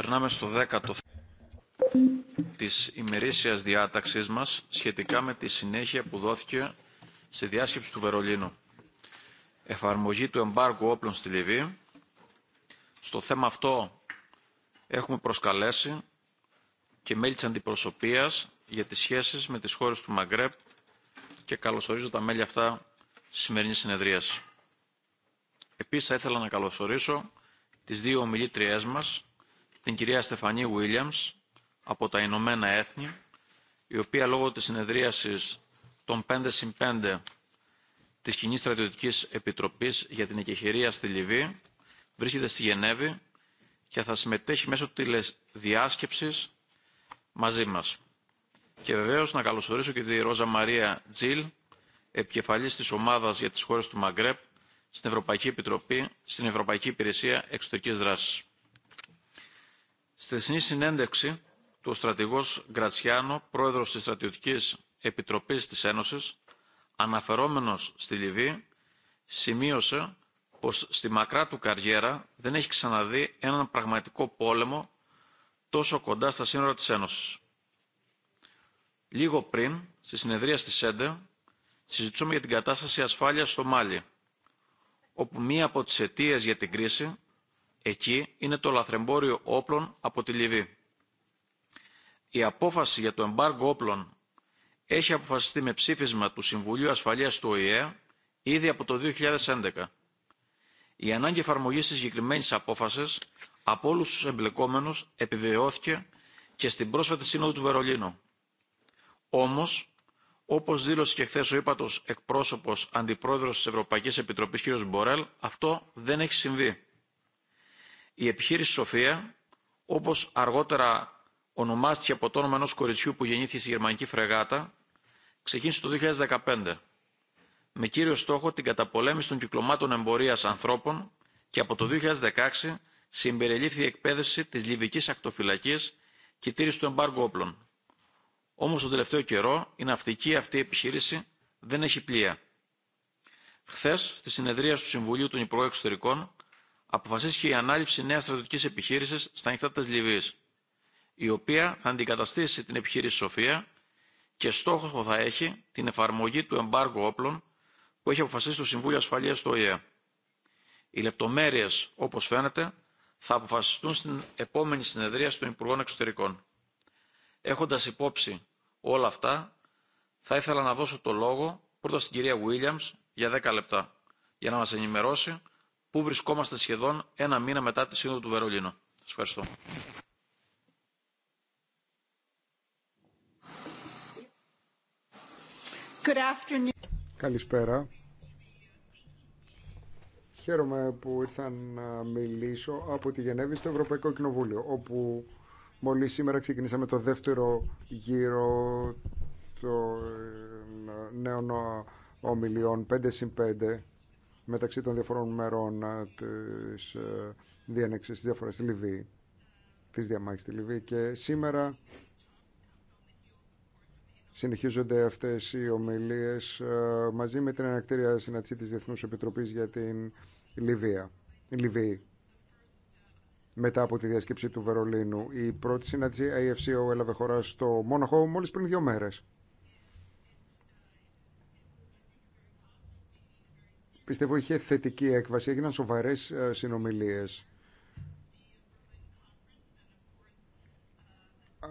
Περνάμε στο δέκατο της ημερήσιας διάταξής μας σχετικά με τη συνέχεια που δόθηκε στη διάσκεψη του Βερολίνου. Εφαρμογή του εμπάργου όπλων στη Λιβύη. Στο θέμα αυτό έχουμε προσκαλέσει και μέλη της αντιπροσωπείας για τις σχέσεις με τις χώρες του Μαγκρέπ και καλωσορίζω τα μέλη αυτά στη σημερινή συνεδρίαση. Επίσης θα ήθελα να καλωσορίσω τις δύο ομιλήτριές μας, την κυρία Στεφανή Βίλιαμς από τα Ηνωμένα Έθνη, η οποία λόγω της συνεδρίασης των 5 συν 5 της Κοινή Στρατιωτικής Επιτροπής για την Εκεχηρία στη Λιβύη βρίσκεται στη Γενέβη και θα συμμετέχει μέσω τηλεδιάσκεψης μαζί μας. Και βεβαίως να καλωσορίσω και τη Ρόζα Μαρία Τζιλ, επικεφαλής της ομάδας για τις χώρες του Μαγκρέπ στην Ευρωπαϊκή Επιτροπή, στην Ευρωπαϊκή Υπηρεσία Εξωτερικής Δράση. Στη συνέντευξη του ο στρατηγός Γκρατσιάνο, πρόεδρος της Στρατιωτικής Επιτροπής της Ένωσης, αναφερόμενος στη Λιβύη, σημείωσε πως στη μακρά του καριέρα δεν έχει ξαναδεί έναν πραγματικό πόλεμο τόσο κοντά στα σύνορα της Ένωσης. Λίγο πριν, στη συνεδρία στη ΣΕΝΤΕ, συζητούσαμε για την κατάσταση ασφάλειας στο Μάλι, όπου μία από τις αιτίε για την κρίση εκεί είναι το λαθρεμπόριο όπλων από τη Λιβύη. Η απόφαση για το εμπάργκο όπλων έχει αποφασιστεί με ψήφισμα του Συμβουλίου Ασφαλείας του ΟΗΕ ήδη από το 2011. Η ανάγκη εφαρμογής της συγκεκριμένη απόφασης από όλους τους εμπλεκόμενους επιβεβαιώθηκε και στην πρόσφατη σύνοδο του Βερολίνου. Όμως, όπως δήλωσε και χθε ο ύπατος εκπρόσωπος αντιπρόεδρος της Ευρωπαϊκής Επιτροπής κ. Μπορέλ, αυτό δεν έχει συμβεί η επιχείρηση Σοφία, όπως αργότερα ονομάστηκε από το όνομα ενός κοριτσιού που γεννήθηκε στη γερμανική φρεγάτα, ξεκίνησε το 2015 με κύριο στόχο την καταπολέμηση των κυκλωμάτων εμπορίας ανθρώπων και από το 2016 συμπεριλήφθη η εκπαίδευση της Λιβικής Ακτοφυλακής και τήρηση του εμπάργου όπλων. Όμως τον τελευταίο καιρό η ναυτική αυτή επιχείρηση δεν έχει πλοία. Χθε, στη συνεδρία του Συμβουλίου των Υπουργών Εξωτερικών, αποφασίστηκε η ανάληψη νέα στρατιωτική επιχείρηση στα νυχτά τη Λιβύη, η οποία θα αντικαταστήσει την επιχείρηση Σοφία και στόχο θα έχει την εφαρμογή του εμπάργου όπλων που έχει αποφασίσει το Συμβούλιο Ασφαλεία του ΟΗΕ. Οι λεπτομέρειε, όπω φαίνεται, θα αποφασιστούν στην επόμενη συνεδρία των Υπουργών Εξωτερικών. Έχοντα υπόψη όλα αυτά, θα ήθελα να δώσω το λόγο πρώτα στην κυρία Βίλιαμ για 10 λεπτά για να μας ενημερώσει που βρισκόμαστε σχεδόν ένα μήνα μετά τη Σύνοδο του Βερολίνου. Σας ευχαριστώ. Καλησπέρα. Χαίρομαι που ήρθα να μιλήσω από τη Γενέβη στο Ευρωπαϊκό Κοινοβούλιο, όπου μόλις σήμερα ξεκινήσαμε το δεύτερο γύρο των ε, νέων ομιλιών 5 5 μεταξύ των διαφορών μερών ε, της ε, διένεξης της στη Λιβύη, της διαμάχης στη Λιβύη και σήμερα συνεχίζονται αυτές οι ομιλίες ε, μαζί με την ανακτήρια συναντήση της Διεθνούς Επιτροπής για την Λιβύα, Λιβύη μετά από τη διασκέψη του Βερολίνου. Η πρώτη συνάντηση AFCO έλαβε χώρα στο Μόναχο μόλις πριν δύο μέρες. πιστεύω είχε θετική έκβαση. Έγιναν σοβαρές ε, συνομιλίες. Ε,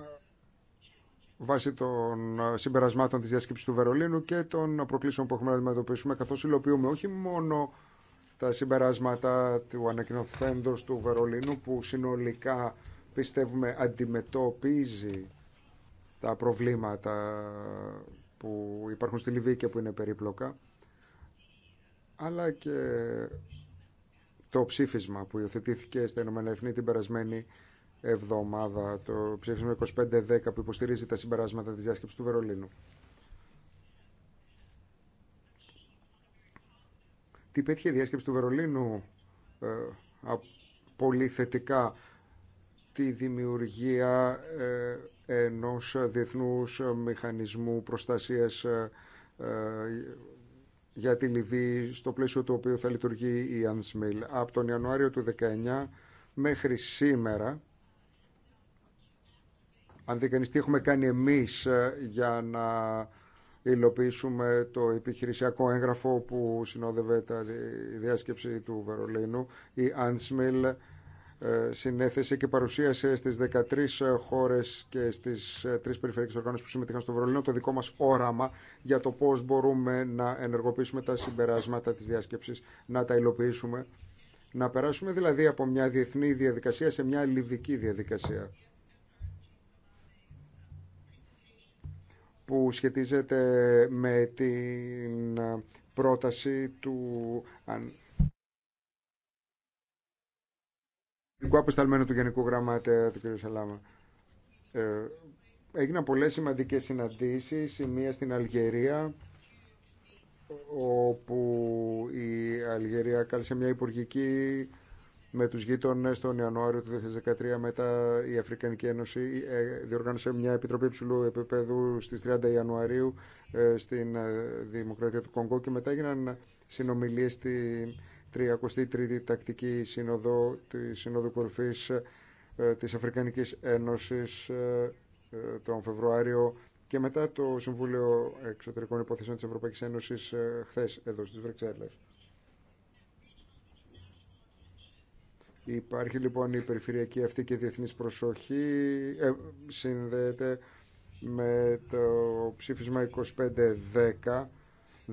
βάσει των ε, συμπερασμάτων της διάσκεψης του Βερολίνου και των προκλήσεων που έχουμε να αντιμετωπίσουμε, καθώς υλοποιούμε όχι μόνο τα συμπεράσματα του ανακοινωθέντος του Βερολίνου, που συνολικά πιστεύουμε αντιμετωπίζει τα προβλήματα που υπάρχουν στη Λιβύη και που είναι περίπλοκα, αλλά και το ψήφισμα που υιοθετήθηκε στα Ηνωμένα την περασμένη εβδομάδα, το ψήφισμα 25-10 που υποστηρίζει τα συμπεράσματα της διάσκεψης του Βερολίνου. Τι πέτυχε η διάσκεψη του Βερολίνου ε, πολύ θετικά τη δημιουργία ε, ενός διεθνούς μηχανισμού προστασίας ε, ε, για τη Λιβύη στο πλαίσιο του οποίου θα λειτουργεί η Ανσμιλ. Από τον Ιανουάριο του 19 μέχρι σήμερα, αν δει κανείς τι έχουμε κάνει εμείς ε, για να υλοποιήσουμε το επιχειρησιακό έγγραφο που συνόδευε τη διάσκεψη του Βερολίνου, η Ανσμιλ ε, συνέθεσε και παρουσίασε στις 13 ε, χώρες και στις ε, τρεις περιφερειακές οργάνωσεις που συμμετείχαν στο Βερολίνο το δικό μας όραμα για το πώς μπορούμε να ενεργοποιήσουμε τα συμπεράσματα της διάσκεψης, να τα υλοποιήσουμε. Να περάσουμε δηλαδή από μια διεθνή διαδικασία σε μια λιβική διαδικασία. που σχετίζεται με την πρόταση του ειδικό απεσταλμένο του Γενικού Γραμματέα, του κ. Σαλάμα. Ε, έγιναν πολλές σημαντικές συναντήσεις, η μία στην Αλγερία, όπου η Αλγερία κάλεσε μια υπουργική με τους γείτονες τον Ιανουάριο του 2013 μετά η Αφρικανική Ένωση ε, διοργάνωσε μια επιτροπή ψηλού επίπεδου στις 30 Ιανουαρίου ε, στην ε, Δημοκρατία του Κονγκό και μετά έγιναν συνομιλίες στην 33η Τακτική Σύνοδο τη Σύνοδου Κορφής ε, της Αφρικανικής Ένωσης ε, ε, τον Φεβρουάριο και μετά το Συμβούλιο Εξωτερικών Υποθέσεων της Ευρωπαϊκής Ένωσης χθες εδώ στις Βρυξέλλες. Υπάρχει λοιπόν η τακτικη συνοδο τη συνοδου της αφρικανικης ενωσης τον φεβρουαριο και μετα το συμβουλιο αυτή και διεθνής προσοχή συνδέεται με το ψήφισμα 2510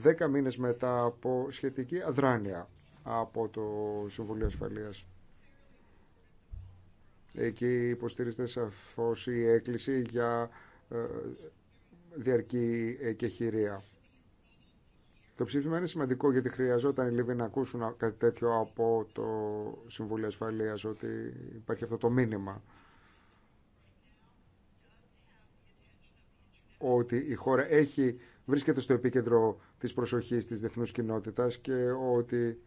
10 μήνες μετά από σχετική αδράνεια από το Συμβουλίο Ασφαλείας. Εκεί υποστήριζεται σαφώς η έκκληση για ε, διαρκή χειρία. Το ψήφισμα είναι σημαντικό γιατί χρειαζόταν οι Λίβοι να ακούσουν κάτι τέτοιο από το Συμβούλιο Ασφαλείας ότι υπάρχει αυτό το μήνυμα. Ότι η χώρα έχει, βρίσκεται στο επίκεντρο της προσοχής της διεθνούς κοινότητας και ότι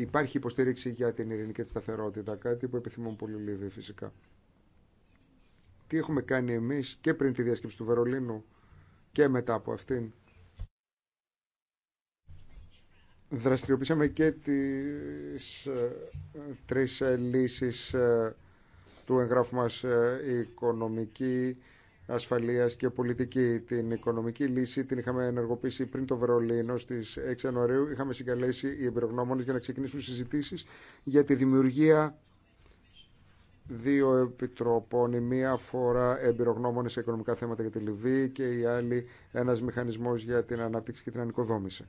υπάρχει υποστήριξη για την ειρηνική τη σταθερότητα, κάτι που επιθυμούν πολύ λίγοι φυσικά. Τι έχουμε κάνει εμείς και πριν τη διασκέψη του Βερολίνου και μετά από αυτήν. Δραστηριοποιήσαμε και τις ε, τρεις λύσεις ε, του εγγράφου μας ε, οικονομική, ασφαλείας και πολιτική. Την οικονομική λύση την είχαμε ενεργοποιήσει πριν το Βερολίνο στις 6 Ιανουαρίου. Είχαμε συγκαλέσει οι εμπειρογνώμονες για να ξεκινήσουν συζητήσεις για τη δημιουργία δύο επιτροπών. Η μία αφορά εμπειρογνώμονες σε οικονομικά θέματα για τη Λιβύη και η άλλη ένας μηχανισμός για την ανάπτυξη και την ανοικοδόμηση.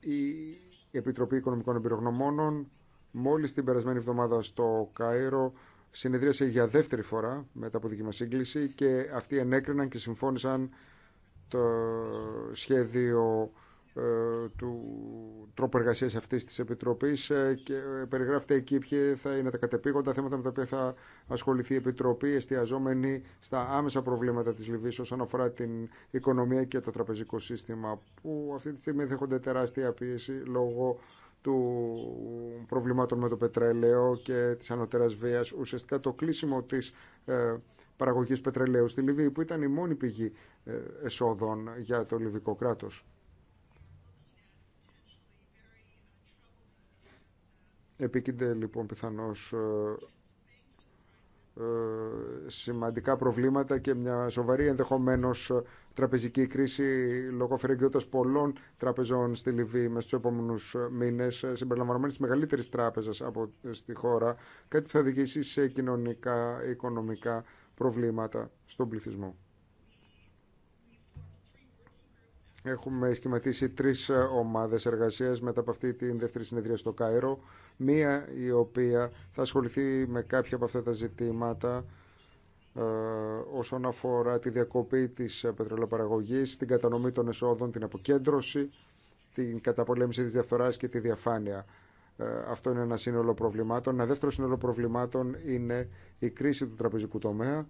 Η Επιτροπή Οικονομικών Εμπειρογνωμόνων Μόλις την περασμένη εβδομάδα στο Κάιρο συνεδρίασε για δεύτερη φορά μετά από δική μα σύγκληση και αυτοί ενέκριναν και συμφώνησαν το σχέδιο ε, του τρόπου εργασία αυτή τη Επιτροπή ε, και ε, περιγράφεται εκεί ποια θα είναι τα κατεπήγοντα θέματα με τα οποία θα ασχοληθεί η Επιτροπή, εστιαζόμενη στα άμεσα προβλήματα τη Λιβύη όσον αφορά την οικονομία και το τραπεζικό σύστημα, που αυτή τη στιγμή δέχονται τεράστια πίεση λόγω του προβλημάτων με το πετρέλαιο και της ανωτέρας βίας, ουσιαστικά το κλείσιμο της ε, παραγωγής πετρελαίου στη Λιβύη, που ήταν η μόνη πηγή ε, εσόδων για το Λιβικό κράτος. Επίκυνται λοιπόν πιθανώς ε, ε, σημαντικά προβλήματα και μια σοβαρή ενδεχομένω τραπεζική κρίση λόγω φερεγγιότητα πολλών τραπεζών στη Λιβύη μέσα στους επόμενους μήνες ε, συμπεριλαμβανομένη της μεγαλύτερης τράπεζας ε, στη χώρα κάτι που θα οδηγήσει σε κοινωνικά, οικονομικά προβλήματα στον πληθυσμό. Έχουμε σχηματίσει τρεις ε, ομάδες εργασία μετά από αυτή την δεύτερη συνεδρία στο Κάιρο. Μία η οποία θα ασχοληθεί με κάποια από αυτά τα ζητήματα ε, όσον αφορά τη διακοπή της ε, πετρελαιοπαραγωγή, την κατανομή των εσόδων, την αποκέντρωση, την καταπολέμηση της διαφθοράς και τη διαφάνεια. Αυτό είναι ένα σύνολο προβλημάτων. Ένα δεύτερο σύνολο προβλημάτων είναι η κρίση του τραπεζικού τομέα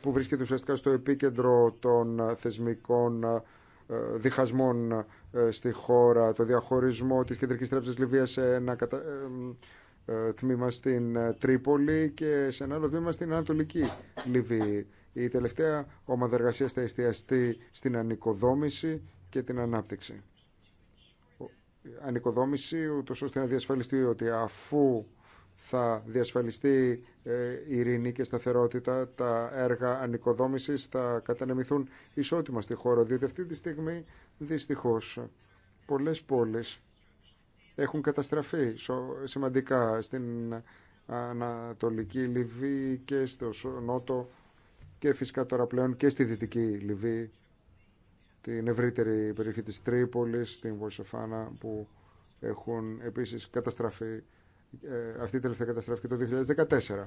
που βρίσκεται ουσιαστικά στο επίκεντρο των θεσμικών ε, διχασμών ε, στη χώρα, το διαχωρισμό της κεντρικής τράπεζας Λιβύας σε ένα ε, τμήμα στην Τρίπολη και σε ένα άλλο τμήμα στην Ανατολική Λιβύη. Η τελευταία ομάδα εργασία θα εστιαστεί στην ανοικοδόμηση και την ανάπτυξη. Ανοικοδόμηση, ούτως ώστε να διασφαλιστεί ότι αφού θα διασφαλιστεί ε, ειρήνη και σταθερότητα, τα έργα ανοικοδόμησης θα κατανεμηθούν ισότιμα στη χώρα, διότι αυτή τη στιγμή δυστυχώς πολλές πόλεις έχουν καταστραφεί σημαντικά στην Ανατολική Λιβύη και στο Νότο και φυσικά τώρα πλέον και στη Δυτική Λιβύη, την ευρύτερη περιοχή της Τρίπολης, την Βοσεφάνα που έχουν επίσης καταστραφεί ε, αυτή η τελευταία καταστράφηκε το 2014.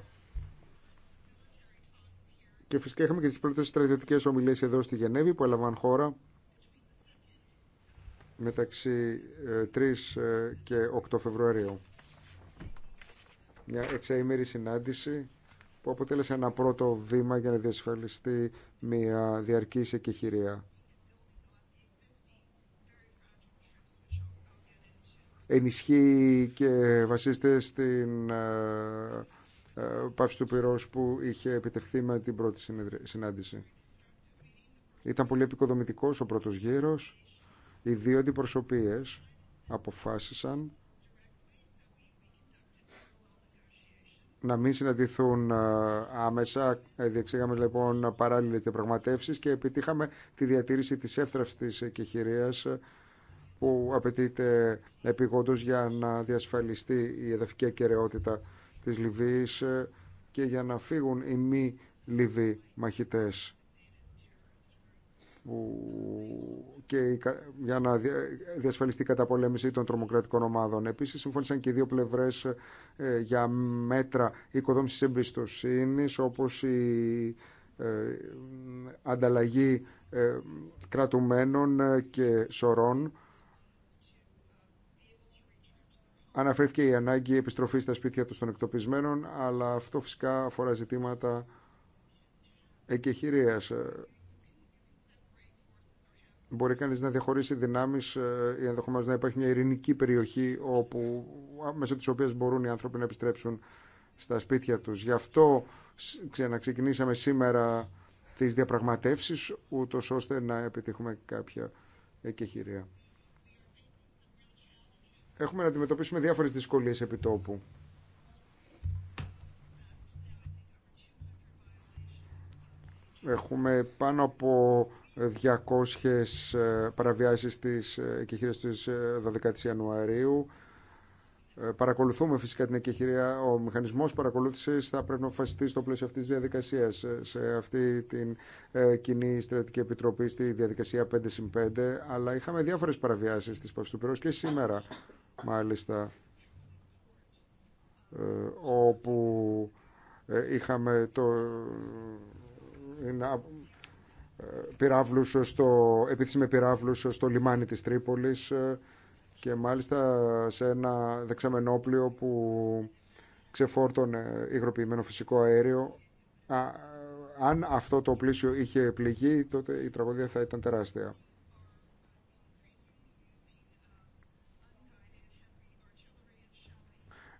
Και φυσικά είχαμε και τις πρώτες στρατιωτικές ομιλίες εδώ στη Γενέβη που έλαβαν χώρα μεταξύ 3 ε, ε, και 8 Φεβρουαρίου. Μια εξαήμερη συνάντηση που αποτέλεσε ένα πρώτο βήμα για να διασφαλιστεί μια διαρκή εκεχηρία ενισχύει και βασίστε στην ε, ε, πάυση του πυρός που είχε επιτευχθεί με την πρώτη συνάντηση. Ήταν πολύ επικοδομητικός ο πρώτος γύρος. Οι δύο αντιπροσωπείες αποφάσισαν να μην συναντηθούν ε, άμεσα. Διεξήγαμε λοιπόν παράλληλες διαπραγματεύσεις και επιτύχαμε τη διατήρηση της εύθραυστης εκεχηρίας που απαιτείται επίγοντος για να διασφαλιστεί η εδαφική ακαιρεότητα της Λιβύης ε, και για να φύγουν οι μη Λιβύοι μαχητές και για να διασφαλιστεί η καταπολέμηση των τρομοκρατικών ομάδων. Επίσης, συμφώνησαν και οι δύο πλευρές ε, για μέτρα οικοδόμησης εμπιστοσύνης, όπως η ε, ανταλλαγή κρατουμένων και σωρών Αναφέρθηκε η ανάγκη επιστροφής στα σπίτια του των εκτοπισμένων, αλλά αυτό φυσικά αφορά ζητήματα εκεχηρία. Μπορεί κανείς να διαχωρίσει δυνάμεις ε, ή ενδεχομένω να υπάρχει μια ειρηνική περιοχή όπου, μέσω τη οποία μπορούν οι άνθρωποι να επιστρέψουν στα σπίτια τους. Γι' αυτό ξαναξεκινήσαμε σήμερα τις διαπραγματεύσεις, ούτως ώστε να επιτύχουμε κάποια εκεχηρία έχουμε να αντιμετωπίσουμε διάφορες δυσκολίες επιτόπου. Έχουμε πάνω από 200 ε, παραβιάσεις της ε, εκεχήρίας της 12 ε, Ιανουαρίου. Παρακολουθούμε φυσικά την εκεχηρία. Ο μηχανισμός παρακολούθησης θα πρέπει να αποφασιστεί στο πλαίσιο αυτής της διαδικασίας σε αυτή την κοινή στρατική επιτροπή στη διαδικασία 5 5, αλλά είχαμε διάφορες παραβιάσεις της Παυστουπυρός και σήμερα μάλιστα ε, όπου ε, είχαμε το ε, στο, επίθεση με πυράβλους στο λιμάνι της Τρίπολης και μάλιστα σε ένα δεξαμενόπλιο που ξεφόρτωνε υγροποιημένο φυσικό αέριο. αν αυτό το πλήσιο είχε πληγεί, τότε η τραγωδία θα ήταν τεράστια.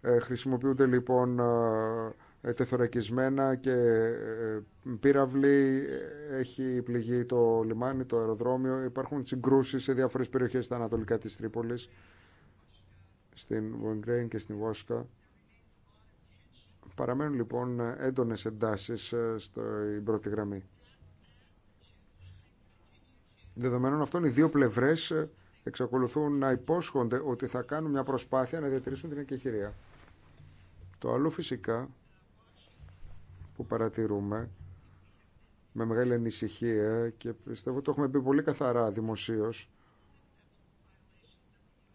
Ε, χρησιμοποιούνται λοιπόν ε, ε, τεθωρακισμένα και πύραυλοι. Έχει πληγεί το λιμάνι, το αεροδρόμιο. Υπάρχουν συγκρούσεις σε διάφορες περιοχές στα ανατολικά της Τρίπολης, στην Βουενγκρέιν και στην Βόσκα. Παραμένουν λοιπόν έντονες εντάσεις στην πρώτη γραμμή. Δεδομένων αυτών, οι δύο πλευρές εξακολουθούν να υπόσχονται ότι θα κάνουν μια προσπάθεια να διατηρήσουν την εκεχηρία. Το άλλο φυσικά που παρατηρούμε με μεγάλη ανησυχία και πιστεύω το έχουμε πει πολύ καθαρά δημοσίως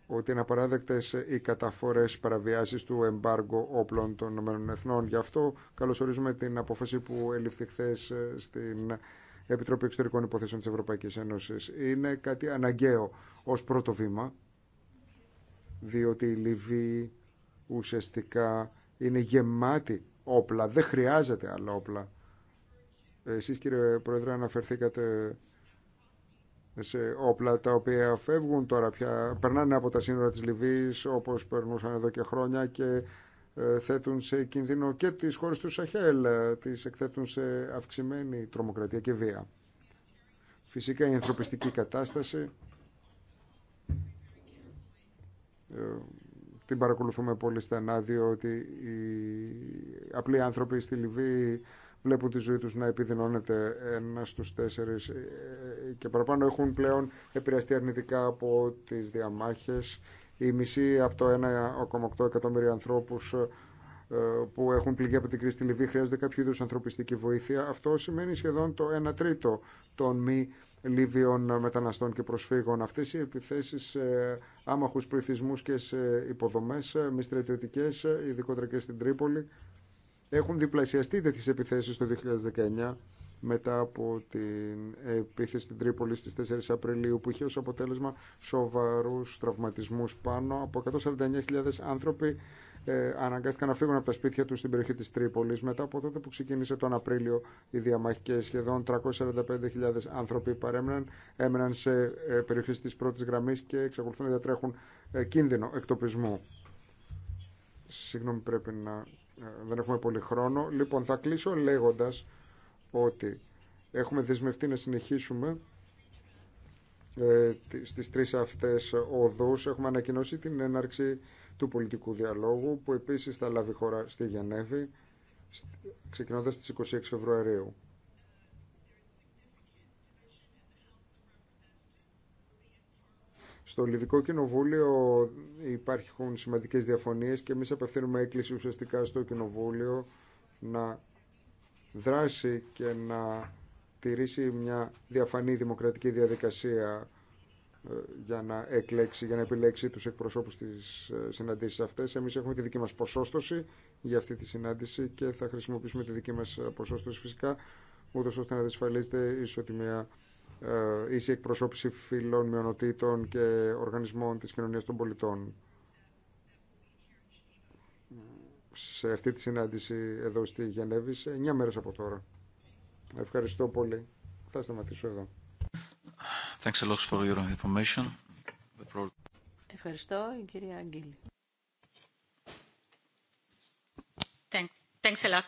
ότι είναι απαράδεκτες οι καταφορές παραβιάσεις του εμπάργου όπλων των ΗΕ. Γι' αυτό καλωσορίζουμε την απόφαση που ελήφθη χθε ε, στην Επιτροπή Εξωτερικών Υποθέσεων της Ευρωπαϊκής Ένωσης. Είναι κάτι αναγκαίο ως πρώτο βήμα, διότι η Λιβύη ουσιαστικά είναι γεμάτη όπλα, δεν χρειάζεται άλλα όπλα. Εσείς κύριε Πρόεδρε αναφερθήκατε σε όπλα τα οποία φεύγουν τώρα πια, περνάνε από τα σύνορα της Λιβύης όπως περνούσαν εδώ και χρόνια και ε, θέτουν σε κίνδυνο και τις χώρες του Σαχέλ, ε, τις εκθέτουν σε αυξημένη τρομοκρατία και βία. Φυσικά η ανθρωπιστική κατάσταση ε, την παρακολουθούμε πολύ στενά διότι οι απλοί άνθρωποι στη Λιβύη βλέπουν τη ζωή τους να επιδεινώνεται ένα στους τέσσερις ε, ε, και παραπάνω έχουν πλέον επηρεαστεί αρνητικά από τις διαμάχες. Η μισή από το 1,8 εκατομμύρια ανθρώπους ε, που έχουν πληγεί από την κρίση στη Λιβύη χρειάζονται κάποιο είδου ανθρωπιστική βοήθεια. Αυτό σημαίνει σχεδόν το 1 τρίτο των μη Λίβιων μεταναστών και προσφύγων. Αυτέ οι επιθέσει σε άμαχου πληθυσμού και σε υποδομέ ε, μη στρατιωτικέ, ε, ειδικότερα και στην Τρίπολη, έχουν διπλασιαστεί τέτοιε επιθέσει το 2019 μετά από την επίθεση στην Τρίπολη στις 4 Απριλίου που είχε ως αποτέλεσμα σοβαρούς τραυματισμούς πάνω από 149.000 άνθρωποι ε, αναγκάστηκαν να φύγουν από τα σπίτια του στην περιοχή της Τρίπολης μετά από τότε που ξεκίνησε τον Απρίλιο η διαμάχη και σχεδόν 345.000 άνθρωποι παρέμειναν, έμεναν σε ε, περιοχές της πρώτης γραμμής και εξακολουθούν να διατρέχουν ε, κίνδυνο εκτοπισμού. Συγγνώμη πρέπει να... Ε, δεν έχουμε πολύ χρόνο. Λοιπόν, θα κλείσω λέγοντα ότι έχουμε δεσμευτεί να συνεχίσουμε ε, στις τρεις αυτές οδούς. Έχουμε ανακοινώσει την έναρξη του πολιτικού διαλόγου που επίσης θα λάβει χώρα στη Γενέβη ξεκινώντας στις 26 Φεβρουαρίου. Στο Λιβικό Κοινοβούλιο υπάρχουν σημαντικές διαφωνίες και εμείς απευθύνουμε έκκληση ουσιαστικά στο Κοινοβούλιο να δράσει και να τηρήσει μια διαφανή δημοκρατική διαδικασία ε, για να εκλέξει, για να επιλέξει τους εκπροσώπους της ε, συναντήσεις αυτές. Εμείς έχουμε τη δική μας ποσόστοση για αυτή τη συνάντηση και θα χρησιμοποιήσουμε τη δική μας ε, ποσόστοση φυσικά, ούτως ώστε να ίσως ισοτιμία ε, ίση εκπροσώπηση φιλών, μειονοτήτων και οργανισμών της κοινωνίας των πολιτών. Σε αυτή τη συνάντηση εδώ στη Γενέβη, σε 9 μέρες από τώρα. Ευχαριστώ πολύ. Θα σταματήσω εδώ. Thanks a lot for your information. Ευχαριστώ, η κυρία Αγγίλη. Thanks a lot,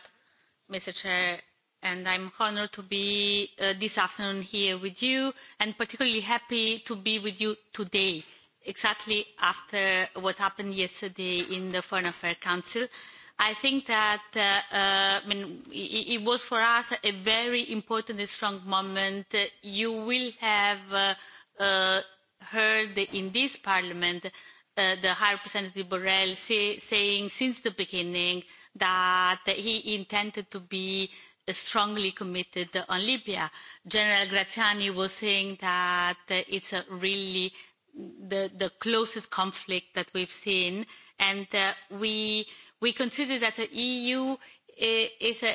Mr. Chair, and I'm honored to be this afternoon here with you, and particularly happy to be with you today, exactly after what happened yesterday in the Foreign Affairs Council I think that it was for us a very important and strong moment. You will have heard in this Parliament the High Representative Borrell saying since the beginning that he intended to be strongly committed on Libya. General Graziani was saying that it's really the closest conflict that we've seen, and we We consider that the EU is a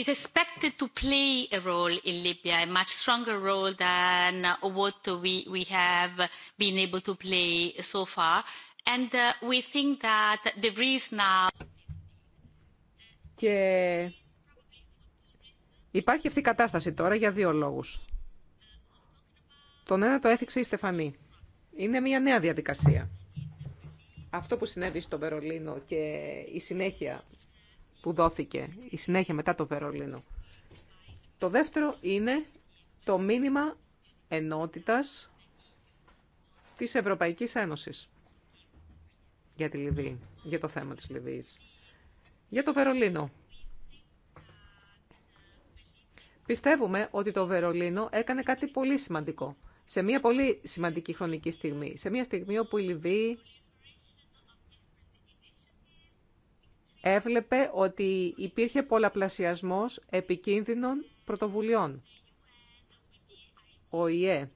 is expected to play a role in Libya, a much stronger role than what we, we have been able to play so far. And we think that there is now... Και υπάρχει αυτή η κατάσταση τώρα για δύο λόγους. Τον ένα το έθιξε η Στεφανή. Είναι μια νέα διαδικασία αυτό που συνέβη στο Βερολίνο και η συνέχεια που δόθηκε, η συνέχεια μετά το Βερολίνο. Το δεύτερο είναι το μήνυμα ενότητας της Ευρωπαϊκής Ένωσης για τη Λιβύη, για το θέμα της Λιβύης. Για το Βερολίνο. Πιστεύουμε ότι το Βερολίνο έκανε κάτι πολύ σημαντικό. Σε μια πολύ σημαντική χρονική στιγμή. Σε μια στιγμή όπου η Λιβύη έβλεπε ότι υπήρχε πολλαπλασιασμός επικίνδυνων πρωτοβουλειών. Ο ΙΕ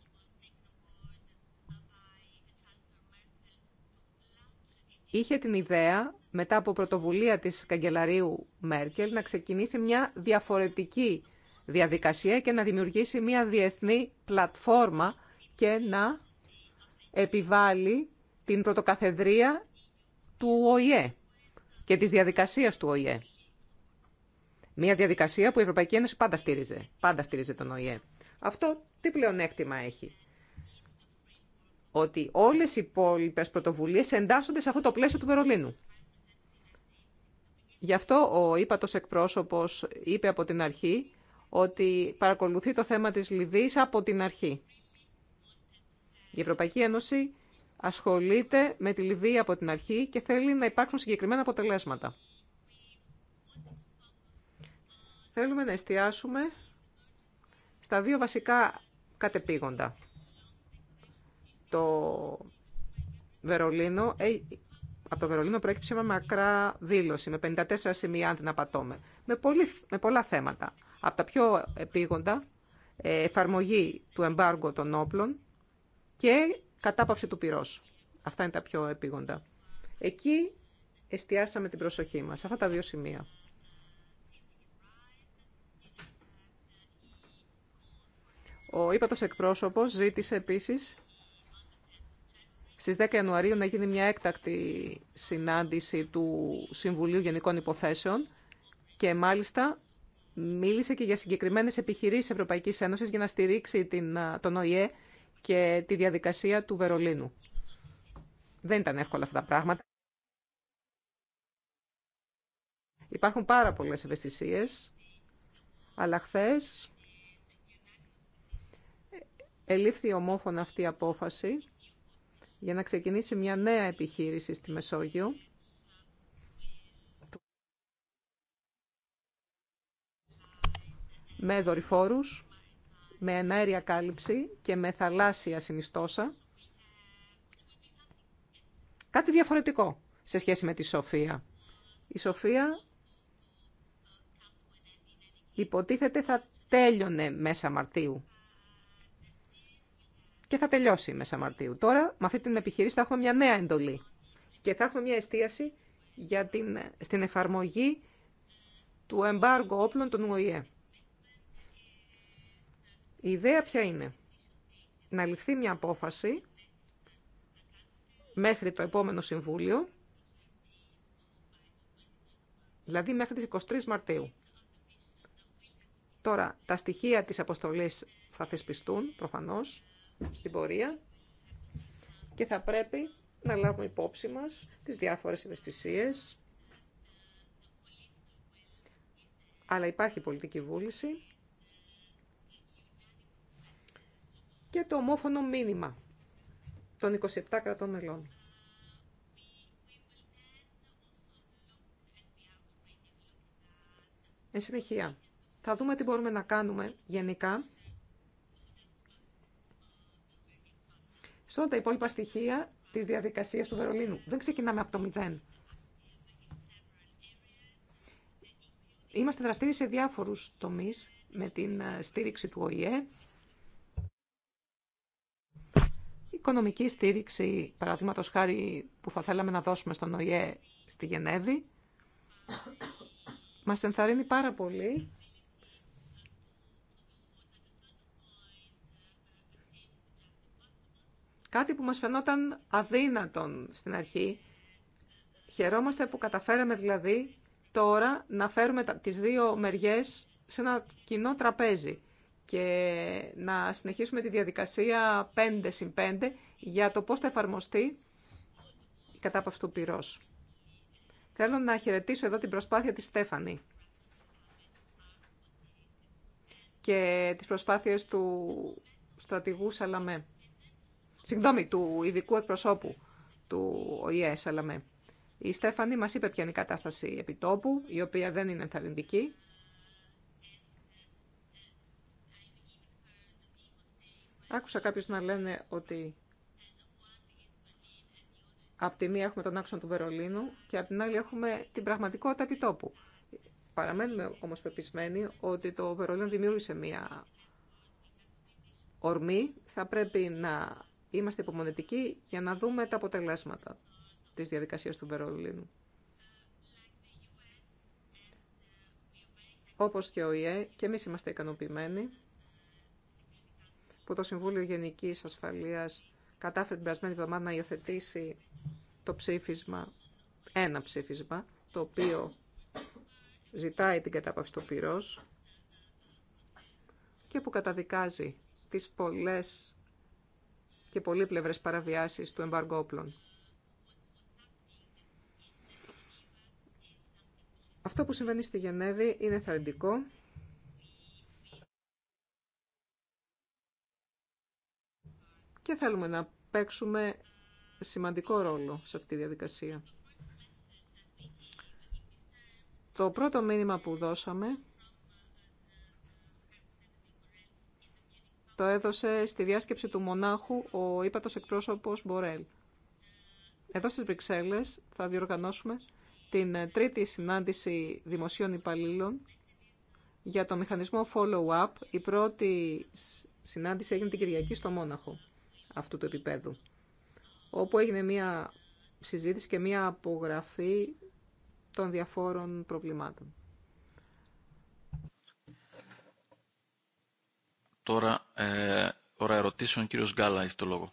είχε την ιδέα, μετά από πρωτοβουλία της καγκελαρίου Μέρκελ, να ξεκινήσει μια διαφορετική διαδικασία και να δημιουργήσει μια διεθνή πλατφόρμα και να επιβάλλει την πρωτοκαθεδρία του ΟΗΕ και τη διαδικασία του ΟΗΕ. Μια διαδικασία που η Ευρωπαϊκή Ένωση πάντα στήριζε, πάντα στήριζε τον ΟΗΕ. Αυτό τι πλεονέκτημα έχει. Ότι όλες οι υπόλοιπε πρωτοβουλίε εντάσσονται σε αυτό το πλαίσιο του Βερολίνου. Γι' αυτό ο ύπατο εκπρόσωπος είπε από την αρχή ότι παρακολουθεί το θέμα της Λιβύης από την αρχή. Η Ευρωπαϊκή Ένωση ασχολείται με τη Λιβύη από την αρχή και θέλει να υπάρξουν συγκεκριμένα αποτελέσματα. Θέλουμε να εστιάσουμε στα δύο βασικά κατεπήγοντα. Το Βερολίνο, ε, από το Βερολίνο προέκυψε με μακρά δήλωση, με 54 σημεία αν την απατώμε, με, πολύ, με πολλά θέματα. Από τα πιο επίγοντα, ε, εφαρμογή του εμπάργου των όπλων και κατάπαυση του πυρός. Αυτά είναι τα πιο επίγοντα. Εκεί εστιάσαμε την προσοχή μας, αυτά τα δύο σημεία. Ο ύπατος εκπρόσωπος ζήτησε επίσης στις 10 Ιανουαρίου να γίνει μια έκτακτη συνάντηση του Συμβουλίου Γενικών Υποθέσεων και μάλιστα μίλησε και για συγκεκριμένες επιχειρήσεις Ευρωπαϊκής Ένωσης για να στηρίξει την, τον ΟΗΕ και τη διαδικασία του Βερολίνου. Δεν ήταν εύκολα αυτά τα πράγματα. Υπάρχουν πάρα πολλές ευαισθησίες, αλλά χθε ελήφθη ομόφωνα αυτή η απόφαση για να ξεκινήσει μια νέα επιχείρηση στη Μεσόγειο. με δορυφόρους με εναέρια κάλυψη και με θαλάσσια συνιστόσα. Κάτι διαφορετικό σε σχέση με τη Σοφία. Η Σοφία υποτίθεται θα τέλειωνε μέσα Μαρτίου. Και θα τελειώσει μέσα Μαρτίου. Τώρα με αυτή την επιχειρήση θα έχουμε μια νέα εντολή. Και θα έχουμε μια εστίαση για την, στην εφαρμογή του εμπάργου όπλων των ΟΗΕ. Η ιδέα ποια είναι. Να ληφθεί μια απόφαση μέχρι το επόμενο Συμβούλιο, δηλαδή μέχρι τις 23 Μαρτίου. Τώρα, τα στοιχεία της αποστολής θα θεσπιστούν, προφανώς, στην πορεία και θα πρέπει να λάβουμε υπόψη μας τις διάφορες ευαισθησίες, αλλά υπάρχει πολιτική βούληση και το ομόφωνο μήνυμα των 27 κρατών μελών. Εν συνεχεία, θα δούμε τι μπορούμε να κάνουμε γενικά σε όλα τα υπόλοιπα στοιχεία της διαδικασίας του Βερολίνου. Δεν ξεκινάμε από το μηδέν. Είμαστε δραστήριοι σε διάφορους τομείς με την ε, στήριξη του ΟΗΕ, οικονομική στήριξη, παραδείγματο χάρη που θα θέλαμε να δώσουμε στον ΟΗΕ στη Γενέβη, μα ενθαρρύνει πάρα πολύ Κάτι που μας φαινόταν αδύνατον στην αρχή. Χαιρόμαστε που καταφέραμε δηλαδή τώρα να φέρουμε τις δύο μεριές σε ένα κοινό τραπέζι και να συνεχίσουμε τη διαδικασία 5 συν 5 για το πώς θα εφαρμοστεί η κατάπαυση του πυρός. Θέλω να χαιρετήσω εδώ την προσπάθεια της Στέφανη και τις προσπάθειες του στρατηγού Σαλαμέ. Συγγνώμη, του ειδικού εκπροσώπου του ΟΗΕ Σαλαμέ. Η Στέφανη μας είπε ποια είναι η κατάσταση επιτόπου, η οποία δεν είναι ενθαρρυντική Άκουσα κάποιους να λένε ότι από τη μία έχουμε τον άξονα του Βερολίνου και από την άλλη έχουμε την πραγματικότητα επιτόπου. Παραμένουμε όμως πεπισμένοι ότι το Βερολίνο δημιούργησε μία ορμή. Θα πρέπει να είμαστε υπομονετικοί για να δούμε τα αποτελέσματα της διαδικασίας του Βερολίνου. Όπως και ο ΙΕ, και εμείς είμαστε ικανοποιημένοι που το Συμβούλιο Γενική Ασφαλείας κατάφερε την περασμένη εβδομάδα να υιοθετήσει το ψήφισμα, ένα ψήφισμα, το οποίο ζητάει την κατάπαυση του πυρός και που καταδικάζει τις πολλές και πολύπλευρες παραβιάσεις του εμπαργόπλων. Αυτό που συμβαίνει στη Γενέβη είναι θαρρυντικό και θέλουμε να παίξουμε σημαντικό ρόλο σε αυτή τη διαδικασία. Το πρώτο μήνυμα που δώσαμε το έδωσε στη διάσκεψη του μονάχου ο ύπατος εκπρόσωπος Μπορέλ. Εδώ στις Βρυξέλλες θα διοργανώσουμε την τρίτη συνάντηση δημοσίων υπαλλήλων για το μηχανισμό follow-up. Η πρώτη συνάντηση έγινε την Κυριακή στο Μόναχο αυτού του επίπεδου, όπου έγινε μία συζήτηση και μία απογραφή των διαφόρων προβλημάτων. Τώρα, ε, ώρα ερωτήσεων, κύριο Γκάλα έχει το λόγο.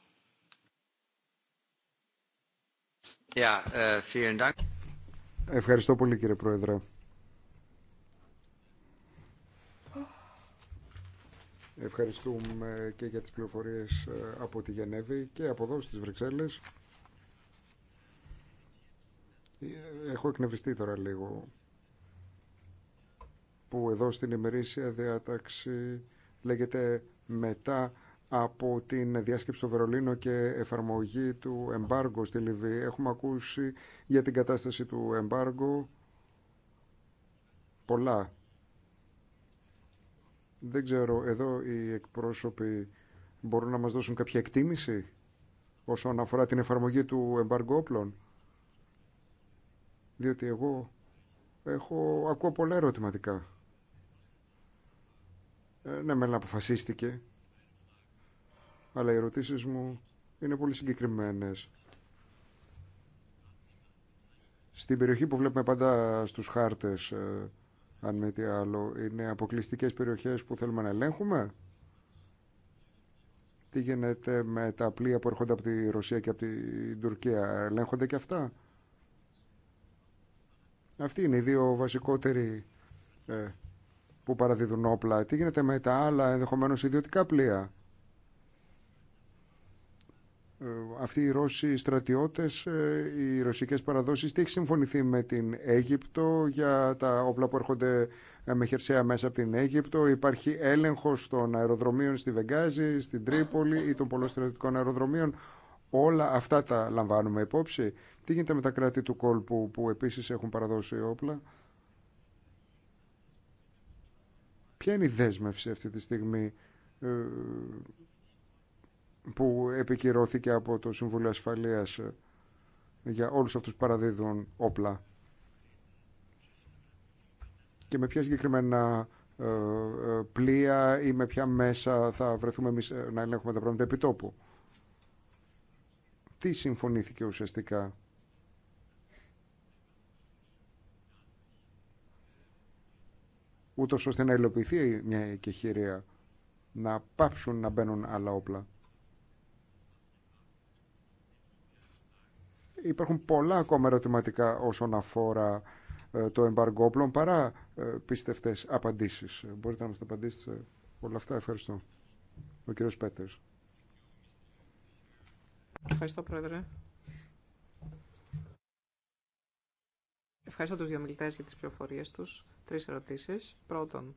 Ε, Ευχαριστώ πολύ κύριε Πρόεδρε. Ευχαριστούμε και για τις πληροφορίες ε, από τη Γενέβη και από εδώ στις Βρυξέλλες. Ε, έχω εκνευριστεί τώρα λίγο που εδώ στην ημερήσια διάταξη λέγεται μετά από την διάσκεψη στο Βερολίνο και εφαρμογή του εμπάργου στη Λιβύη. Έχουμε ακούσει για την κατάσταση του εμπάργου πολλά δεν ξέρω, εδώ οι εκπρόσωποι μπορούν να μας δώσουν κάποια εκτίμηση όσον αφορά την εφαρμογή του όπλων. Διότι εγώ έχω, ακούω πολλά ερωτηματικά. Ε, ναι, μεν αποφασίστηκε, αλλά οι ερωτήσεις μου είναι πολύ συγκεκριμένες. Στην περιοχή που βλέπουμε πάντα στους χάρτες, ε, αν με τι άλλο, είναι αποκλειστικές περιοχές που θέλουμε να ελέγχουμε. Τι γίνεται με τα πλοία που έρχονται από τη Ρωσία και από την Τουρκία, ελέγχονται και αυτά. Αυτοί είναι οι δύο βασικότεροι ε, που παραδίδουν όπλα. Τι γίνεται με τα άλλα ενδεχομένως ιδιωτικά πλοία ε, αυτοί οι Ρώσοι στρατιώτες, ε, οι ρωσικές παραδόσεις, τι έχει συμφωνηθεί με την Αίγυπτο για τα όπλα που έρχονται ε, με χερσαία μέσα από την Αίγυπτο. Υπάρχει έλεγχος των αεροδρομίων στη Βεγγάζη, στην Τρίπολη ή των πολλοστρατιωτικών αεροδρομίων. Όλα αυτά τα λαμβάνουμε υπόψη. Τι γίνεται με τα κράτη του κόλπου που επίσης έχουν παραδώσει όπλα. Ποια είναι η δέσμευση αυτή τη στιγμή που επικυρώθηκε από το Συμβούλιο Ασφαλείας ε, για όλους αυτούς που παραδίδουν όπλα. Και με ποια συγκεκριμένα ε, ε, πλοία ή με ποια μέσα θα βρεθούμε εμείς να ελέγχουμε τα πράγματα επί Τι συμφωνήθηκε ουσιαστικά. ούτως ώστε να υλοποιηθεί μια εκεχηρία, να πάψουν να μπαίνουν άλλα όπλα. υπάρχουν πολλά ακόμα ερωτηματικά όσον αφορά ε, το εμπαργκό παρά ε, πιστευτές απαντήσεις. Ε, μπορείτε να μας τα απαντήσετε όλα αυτά. Ευχαριστώ. Ο κύριος Πέτερς. Ευχαριστώ, Πρόεδρε. Ευχαριστώ τους διαμιλητές για τις πληροφορίες τους. Τρεις ερωτήσεις. Πρώτον,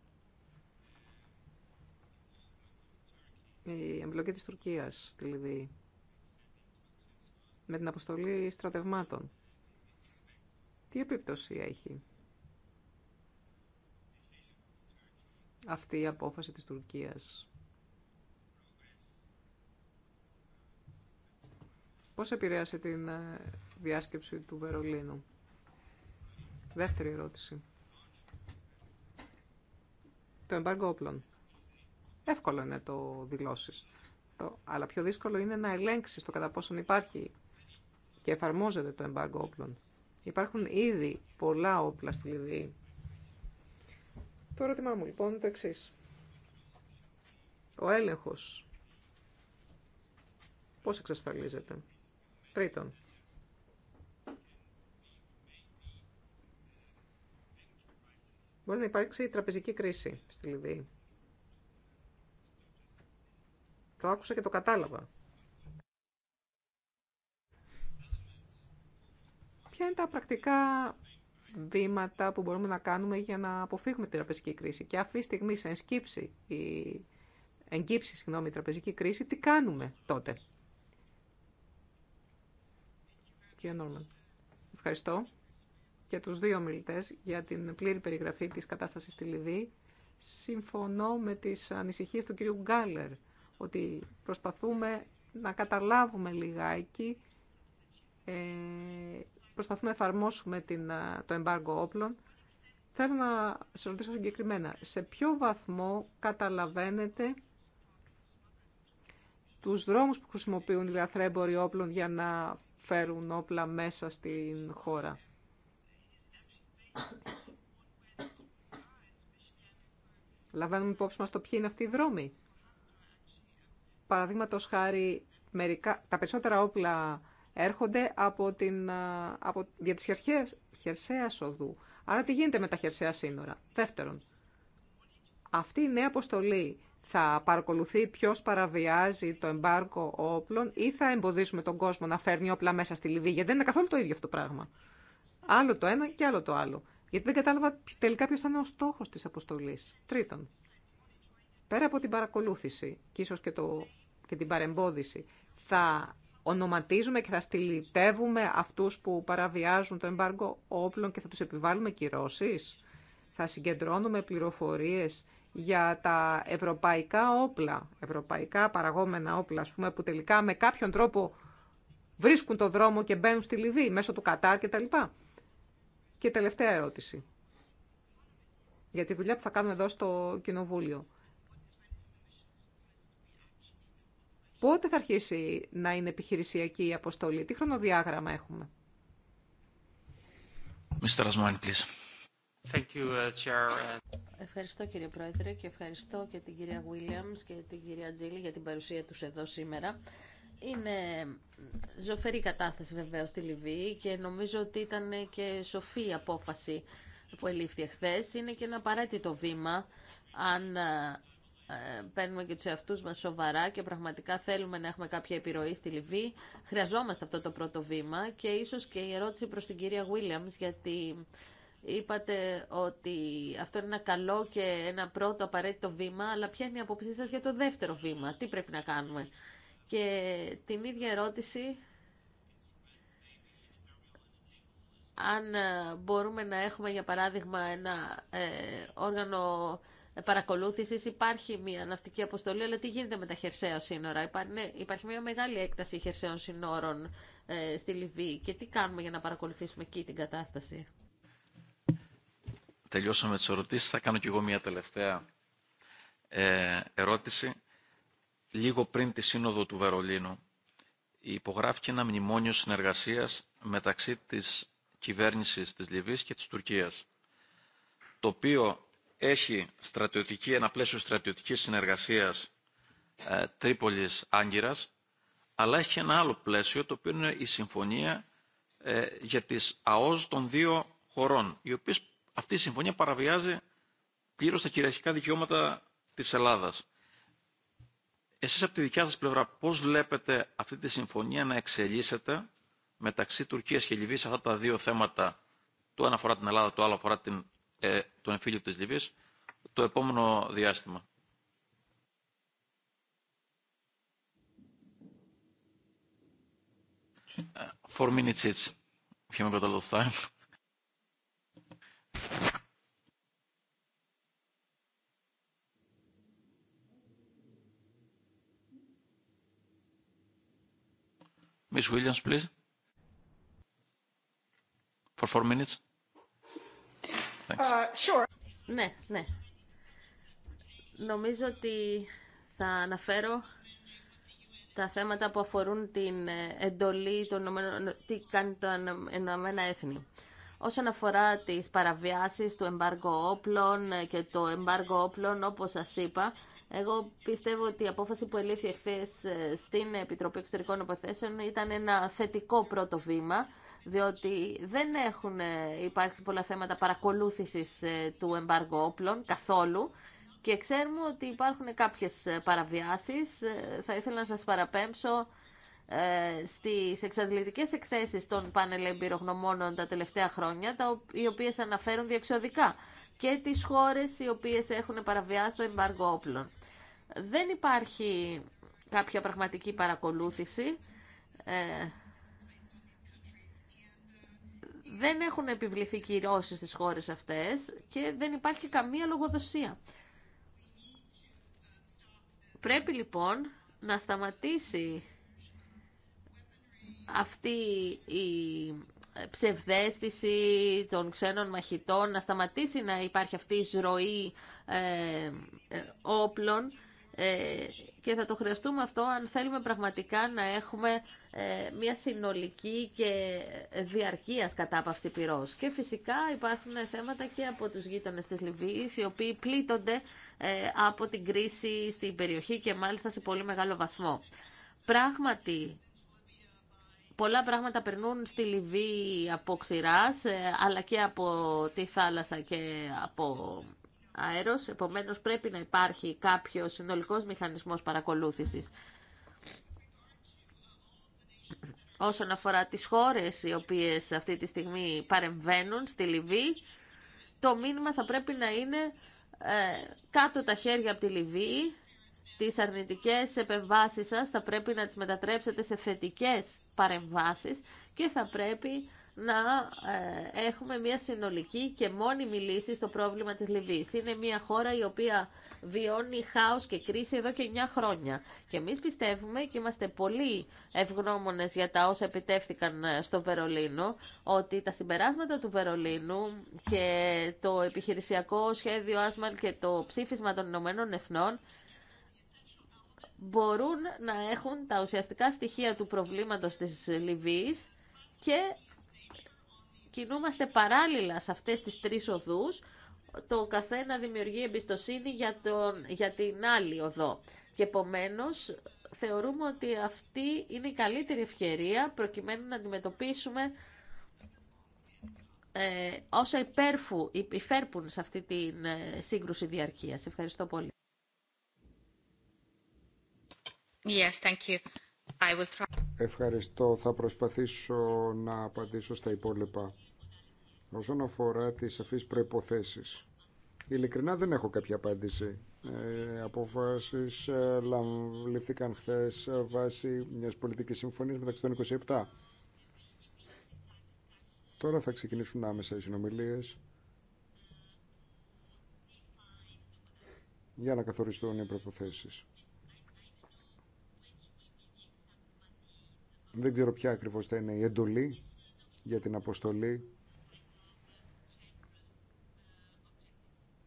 η εμπλοκή της Τουρκίας στη Λιβύη με την αποστολή στρατευμάτων. Τι επίπτωση έχει αυτή η απόφαση της Τουρκίας. Πώς επηρέασε την ε, διάσκεψη του Βερολίνου. Δεύτερη ερώτηση. Το εμπάργκο όπλων. Εύκολο είναι το δηλώσεις. Το, αλλά πιο δύσκολο είναι να ελέγξεις το κατά πόσον υπάρχει και εφαρμόζεται το εμπάργκο όπλων. Υπάρχουν ήδη πολλά όπλα στη Λιβύη. Το ερώτημά μου λοιπόν είναι το εξή. Ο έλεγχο. Πώ εξασφαλίζεται. Τρίτον, μπορεί να υπάρξει τραπεζική κρίση στη Λιβύη. Το άκουσα και το κατάλαβα. Ποια είναι τα πρακτικά βήματα που μπορούμε να κάνουμε για να αποφύγουμε την τραπεζική κρίση. Και αυτή τη στιγμή σε ενσκύψει η, εγκύψει συγγνώμη, τραπεζική κρίση, τι κάνουμε τότε. Κύριε Νόρμαν, ευχαριστώ και τους δύο μιλητές για την πλήρη περιγραφή της κατάστασης στη Λιβύη. Συμφωνώ με τις ανησυχίες του κύριου Γκάλερ, ότι προσπαθούμε να καταλάβουμε λιγάκι ε, προσπαθούμε να εφαρμόσουμε την, το εμπάργκο όπλων. Θέλω να σε ρωτήσω συγκεκριμένα, σε ποιο βαθμό καταλαβαίνετε τους δρόμους που χρησιμοποιούν οι δηλαδή λαθρέμποροι όπλων για να φέρουν όπλα μέσα στην χώρα. Λαμβάνουμε υπόψη μας το ποιοι είναι αυτοί οι δρόμοι. Παραδείγματος χάρη, τα περισσότερα όπλα έρχονται από την, από, για τις χερσαίες, οδού. Άρα τι γίνεται με τα χερσαία σύνορα. Δεύτερον, αυτή η νέα αποστολή θα παρακολουθεί ποιο παραβιάζει το εμπάρκο όπλων ή θα εμποδίσουμε τον κόσμο να φέρνει όπλα μέσα στη Λιβύη, γιατί δεν είναι καθόλου το ίδιο αυτό το πράγμα. Άλλο το ένα και άλλο το άλλο. Γιατί δεν κατάλαβα τελικά ποιο είναι ο στόχο τη αποστολή. Τρίτον, πέρα από την παρακολούθηση και ίσω και, και την παρεμπόδιση, θα ονοματίζουμε και θα στυλιτεύουμε αυτούς που παραβιάζουν το εμπάργκο όπλων και θα τους επιβάλλουμε κυρώσεις. Θα συγκεντρώνουμε πληροφορίες για τα ευρωπαϊκά όπλα, ευρωπαϊκά παραγόμενα όπλα, ας πούμε, που τελικά με κάποιον τρόπο βρίσκουν το δρόμο και μπαίνουν στη Λιβύη, μέσω του Κατάρ κτλ. Και τελευταία ερώτηση. Για τη δουλειά που θα κάνουμε εδώ στο Κοινοβούλιο. Πότε θα αρχίσει να είναι επιχειρησιακή η αποστολή, τι χρονοδιάγραμμα έχουμε. Uh, ευχαριστώ κύριε Πρόεδρε και ευχαριστώ και την κυρία Williams και την κυρία Τζίλη για την παρουσία τους εδώ σήμερα. Είναι ζωφερή κατάσταση βεβαίω στη Λιβύη και νομίζω ότι ήταν και σοφή η απόφαση που ελήφθη χθε. Είναι και ένα απαραίτητο βήμα αν ε, παίρνουμε και του εαυτού μα σοβαρά και πραγματικά θέλουμε να έχουμε κάποια επιρροή στη Λιβύη. Χρειαζόμαστε αυτό το πρώτο βήμα και ίσως και η ερώτηση προς την κυρία Βίλιαμ, γιατί είπατε ότι αυτό είναι ένα καλό και ένα πρώτο απαραίτητο βήμα αλλά ποια είναι η απόψη σα για το δεύτερο βήμα, τι πρέπει να κάνουμε. Και την ίδια ερώτηση αν ε, μπορούμε να έχουμε για παράδειγμα ένα ε, όργανο Παρακολούθηση Υπάρχει μια ναυτική αποστολή, αλλά τι γίνεται με τα χερσαία σύνορα. Υπάρχει, ναι, υπάρχει μια μεγάλη έκταση χερσαίων σύνορων ε, στη Λιβύη. Και τι κάνουμε για να παρακολουθήσουμε εκεί την κατάσταση. Τελειώσαμε τι ερωτήσει. Θα κάνω κι εγώ μια τελευταία ε, ερώτηση. Λίγο πριν τη σύνοδο του Βερολίνου, υπογράφηκε ένα μνημόνιο συνεργασίας μεταξύ της κυβέρνησης της Λιβύης και της Τουρκίας, το οποίο έχει στρατιωτική, ένα πλαίσιο στρατιωτικής συνεργασίας ε, Τρίπολης-Άγκυρας, αλλά έχει ένα άλλο πλαίσιο, το οποίο είναι η συμφωνία ε, για τις ΑΟΣ των δύο χωρών, οι οποίε αυτή η συμφωνία παραβιάζει πλήρως τα κυριαρχικά δικαιώματα της Ελλάδας. Εσείς από τη δικιά σας πλευρά πώς βλέπετε αυτή τη συμφωνία να εξελίσσεται μεταξύ Τουρκίας και Λιβύης αυτά τα δύο θέματα, το ένα αφορά την Ελλάδα, το άλλο αφορά την ε, τον εμφύλιο της Λιβύης το επόμενο διάστημα. Four minutes each. If you got a time. Miss Williams, please. For four minutes. Uh, sure. Ναι, ναι. Νομίζω ότι θα αναφέρω τα θέματα που αφορούν την ε, εντολή των τι κάνει τα Έθνη. Όσον αφορά τις παραβιάσεις του εμπάργου όπλων ε, και το εμπάργο όπλων, όπως σας είπα, εγώ πιστεύω ότι η απόφαση που ελήφθη εχθές ε, στην Επιτροπή Εξωτερικών Υποθέσεων ήταν ένα θετικό πρώτο βήμα διότι δεν έχουν ε, υπάρξει πολλά θέματα παρακολούθησης ε, του εμπάργου όπλων καθόλου και ξέρουμε ότι υπάρχουν κάποιες ε, παραβιάσεις. Θα ήθελα να σας παραπέμψω στις εξαντλητικές εκθέσεις των πάνελ εμπειρογνωμόνων τα τελευταία χρόνια, τα, οι οποίες αναφέρουν διεξοδικά και τις χώρες οι οποίες έχουν παραβιάσει το εμπάργο όπλων. Δεν υπάρχει κάποια πραγματική παρακολούθηση δεν έχουν επιβληθεί κυρώσει στις χώρες αυτές και δεν υπάρχει καμία λογοδοσία. Πρέπει λοιπόν να σταματήσει αυτή η ψευδέστηση των ξένων μαχητών, να σταματήσει να υπάρχει αυτή η ζωή ε, ε, όπλων ε, και θα το χρειαστούμε αυτό αν θέλουμε πραγματικά να έχουμε ε, μια συνολική και διαρκείας κατάπαυση πυρός. Και φυσικά υπάρχουν θέματα και από τους γείτονες της Λιβύης, οι οποίοι πλήττονται ε, από την κρίση στην περιοχή και μάλιστα σε πολύ μεγάλο βαθμό. Πράγματι, πολλά πράγματα περνούν στη Λιβύη από ξηράς, ε, αλλά και από τη θάλασσα και από αέρος, επομένως πρέπει να υπάρχει κάποιο συνολικός μηχανισμός παρακολούθησης. Όσον αφορά τις χώρες οι οποίες αυτή τη στιγμή παρεμβαίνουν στη Λιβύη, το μήνυμα θα πρέπει να είναι ε, κάτω τα χέρια από τη Λιβύη, τις αρνητικές επεμβάσεις σας θα πρέπει να τις μετατρέψετε σε θετικές παρεμβάσεις και θα πρέπει να ε, έχουμε μια συνολική και μόνιμη λύση στο πρόβλημα της Λιβύης. Είναι μια χώρα η οποία βιώνει χάος και κρίση εδώ και μια χρόνια. Και εμείς πιστεύουμε και είμαστε πολύ ευγνώμονες για τα όσα επιτεύχθηκαν ε, στο Βερολίνο, ότι τα συμπεράσματα του Βερολίνου και το επιχειρησιακό σχέδιο Άσμαλ και το ψήφισμα των Ηνωμένων Εθνών μπορούν να έχουν τα ουσιαστικά στοιχεία του προβλήματος της Λιβύης και κινούμαστε παράλληλα σε αυτές τις τρεις οδούς, το καθένα δημιουργεί εμπιστοσύνη για, τον, για την άλλη οδό. Και επομένω, θεωρούμε ότι αυτή είναι η καλύτερη ευκαιρία προκειμένου να αντιμετωπίσουμε ε, όσα υπέρφου, υφέρπουν σε αυτή τη ε, σύγκρουση διαρκείας. Ευχαριστώ πολύ. Yes, thank you. Ευχαριστώ. Θα προσπαθήσω να απαντήσω στα υπόλοιπα. Όσον αφορά τις σαφείς προϋποθέσεις. Ειλικρινά δεν έχω κάποια απάντηση. Ε, αποφάσεις ε, λαμβλήθηκαν χθες ε, βάσει μιας πολιτικής συμφωνίας μεταξύ των 27. Τώρα θα ξεκινήσουν άμεσα οι συνομιλίες για να καθοριστούν οι προποθέσεις. Δεν ξέρω ποια ακριβώς θα είναι η εντολή για την αποστολή.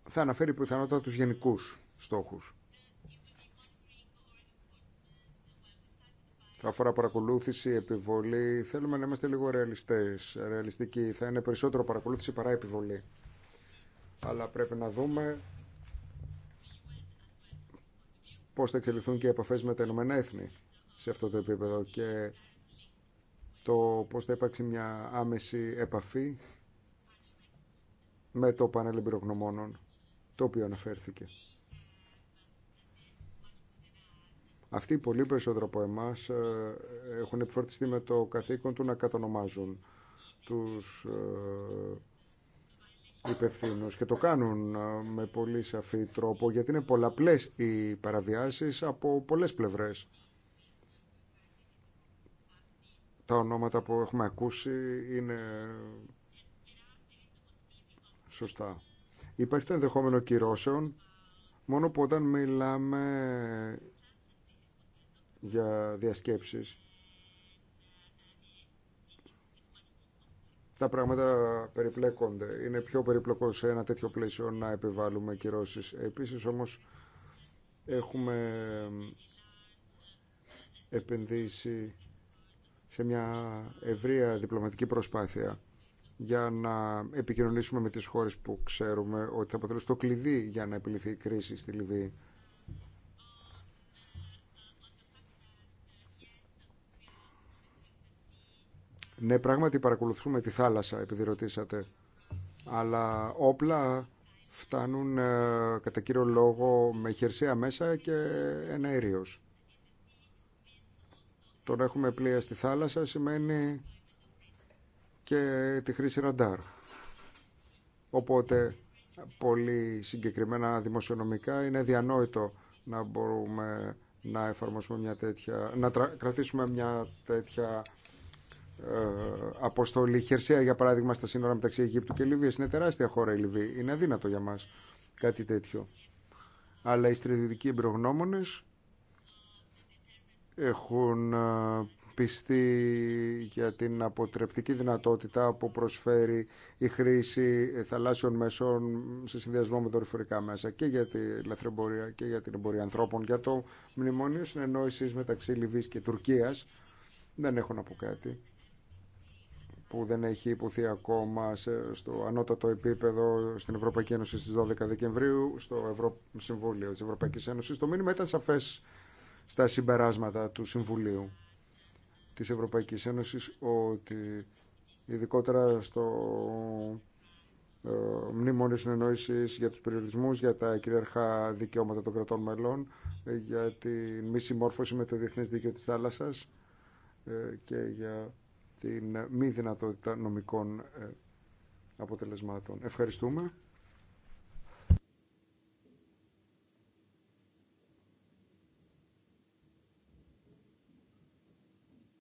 Θα αναφέρει πιθανότητα τους γενικούς στόχους. Θα αφορά παρακολούθηση, επιβολή. Θέλουμε να είμαστε λίγο ρεαλιστές, ρεαλιστικοί. Θα είναι περισσότερο παρακολούθηση παρά επιβολή. Αλλά πρέπει να δούμε πώς θα εξελιχθούν και οι επαφές με τα Ηνωμένα Έθνη σε αυτό το επίπεδο. Και το πώς θα υπάρξει μια άμεση επαφή με το πάνελ εμπειρογνωμόνων το οποίο αναφέρθηκε. Αυτοί πολύ περισσότερο από εμάς ε, έχουν επιφορτιστεί με το καθήκον του να κατονομάζουν τους ε, υπευθύνους και το κάνουν ε, με πολύ σαφή τρόπο γιατί είναι πολλαπλές οι παραβιάσεις από πολλές πλευρές τα ονόματα που έχουμε ακούσει είναι σωστά. Υπάρχει το ενδεχόμενο κυρώσεων μόνο που όταν μιλάμε για διασκέψεις τα πράγματα περιπλέκονται. Είναι πιο περιπλοκό σε ένα τέτοιο πλαίσιο να επιβάλλουμε κυρώσεις. Επίσης όμως έχουμε επενδύσει σε μια ευρεία διπλωματική προσπάθεια για να επικοινωνήσουμε με τις χώρες που ξέρουμε ότι θα αποτελέσει το κλειδί για να επιληθεί η κρίση στη Λιβύη. Ναι, πράγματι παρακολουθούμε τη θάλασσα, επειδή ρωτήσατε, αλλά όπλα φτάνουν ε, κατά κύριο λόγο με χερσαία μέσα και ένα το να έχουμε πλοία στη θάλασσα σημαίνει και τη χρήση ραντάρ. Οπότε, πολύ συγκεκριμένα δημοσιονομικά, είναι διανόητο να μπορούμε να εφαρμόσουμε μια τέτοια, να κρατήσουμε μια τέτοια ε, αποστολή. Χερσαία, για παράδειγμα, στα σύνορα μεταξύ Αιγύπτου και Λιβύης. Είναι τεράστια χώρα η Λιβύη. Είναι αδύνατο για μας κάτι τέτοιο. Αλλά οι στρατιωτικοί εμπειρογνώμονες έχουν ε, πιστεί για την αποτρεπτική δυνατότητα που προσφέρει η χρήση θαλάσσιων μεσών σε συνδυασμό με δορυφορικά μέσα και για τη λαθρεμπορία και για την εμπορία ανθρώπων. Για το μνημονίο συνεννόησης μεταξύ Λιβύης και Τουρκίας δεν έχω να πω κάτι που δεν έχει υποθεί ακόμα στο ανώτατο επίπεδο στην Ευρωπαϊκή Ένωση στις 12 Δεκεμβρίου στο Ευρω... Συμβούλιο της Ευρωπαϊκής Ένωσης. Το μήνυμα ήταν σαφές στα συμπεράσματα του Συμβουλίου της Ευρωπαϊκής Ένωσης ότι ειδικότερα στο ε, μνημόνιο συνεννόησης για τους περιορισμούς, για τα κυριαρχά δικαιώματα των κρατών μελών, ε, για τη μη συμμόρφωση με το Διεθνές Δίκαιο της Θάλασσας ε, και για την μη δυνατότητα νομικών αποτελεσμάτων. Ευχαριστούμε.